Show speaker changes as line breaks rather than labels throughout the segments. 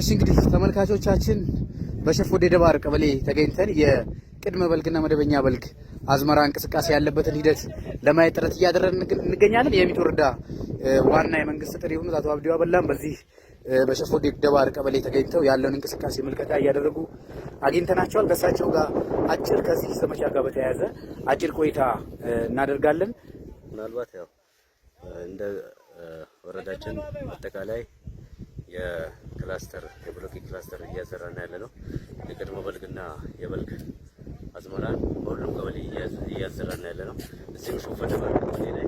እሺ እንግዲህ ተመልካቾቻችን በሸርፎዴ ደባር ቀበሌ ተገኝተን የቅድመ በልግና መደበኛ በልግ አዝመራ እንቅስቃሴ ያለበትን ሂደት ለማየት ጥረት እያደረግን እንገኛለን። የሚት ወረዳ ዋና የመንግስት ጥሪ የሆኑት አቶ አብዲዋ አበላም በዚህ በሸርፎዴ ደባር ቀበሌ ተገኝተው ያለውን እንቅስቃሴ ምልከታ እያደረጉ አግኝተናቸዋል። ከእሳቸው ጋር አጭር ከዚህ ዘመቻ ጋር በተያያዘ አጭር ቆይታ እናደርጋለን።
ምናልባት ያው እንደ ወረዳችን አጠቃላይ ክላስተር የብሎኬት ክላስተር እያዘራን ያለ ነው። የቅድመ በልግና የበልግ አዝመራ በሁሉም ቀበሌ እያዘራን ያለ ነው። እዚህም ሾፈ ደባር ቀበሌ ላይ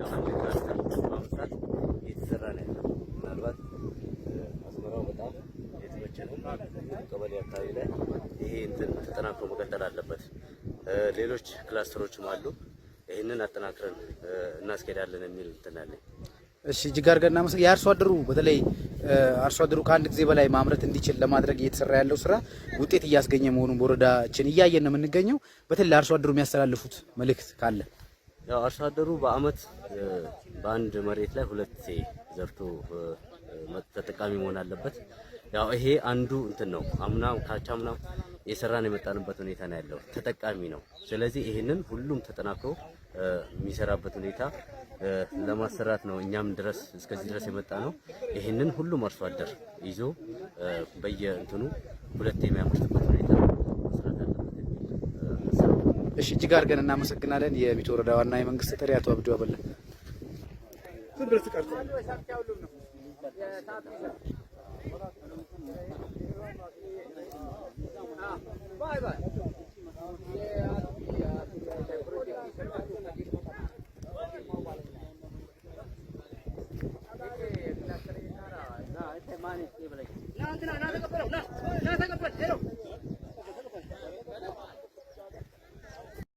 የአንድ ክላስተር በማምጣት እየተዘራ ነው ያለ። ምናልባት አዝመራው በጣም የተመቸ ነው። ቀበሌ አካባቢ ላይ ይሄ እንትን ተጠናክሮ መቀጠል አለበት። ሌሎች ክላስተሮችም አሉ። ይህንን አጠናክረን እናስኬዳለን የሚል እንትን አለኝ።
እሺ እጅግ አድርገን መስ የአርሶ አደሩ በተለይ አርሶ አደሩ ከአንድ ጊዜ በላይ ማምረት እንዲችል ለማድረግ እየተሰራ ያለው ስራ ውጤት እያስገኘ መሆኑን በወረዳችን እያየን ነው የምንገኘው። በተለይ ለአርሶ አደሩ የሚያስተላልፉት መልእክት ካለ?
ያው አርሶ አደሩ በአመት በአንድ መሬት ላይ ሁለቴ ዘርቶ ተጠቃሚ መሆን አለበት። ያው ይሄ አንዱ እንትን ነው። አምና ካቻምና የሰራን የመጣንበት ሁኔታ ነው ያለው ተጠቃሚ ነው። ስለዚህ ይህንን ሁሉም ተጠናክሮ የሚሰራበት ሁኔታ ለማሰራት ነው። እኛም ድረስ እስከዚህ ድረስ የመጣ ነው። ይህንን ሁሉም አርሶ አደር ይዞ በየእንትኑ ሁለት የሚያመርትበት ሁኔታ
እሺ፣ እጅግ አድርገን እናመሰግናለን። የሚቶ ወረዳ ዋና የመንግስት ተጠሪ አቶ አብዱ አበለ 哪三个？哪三个？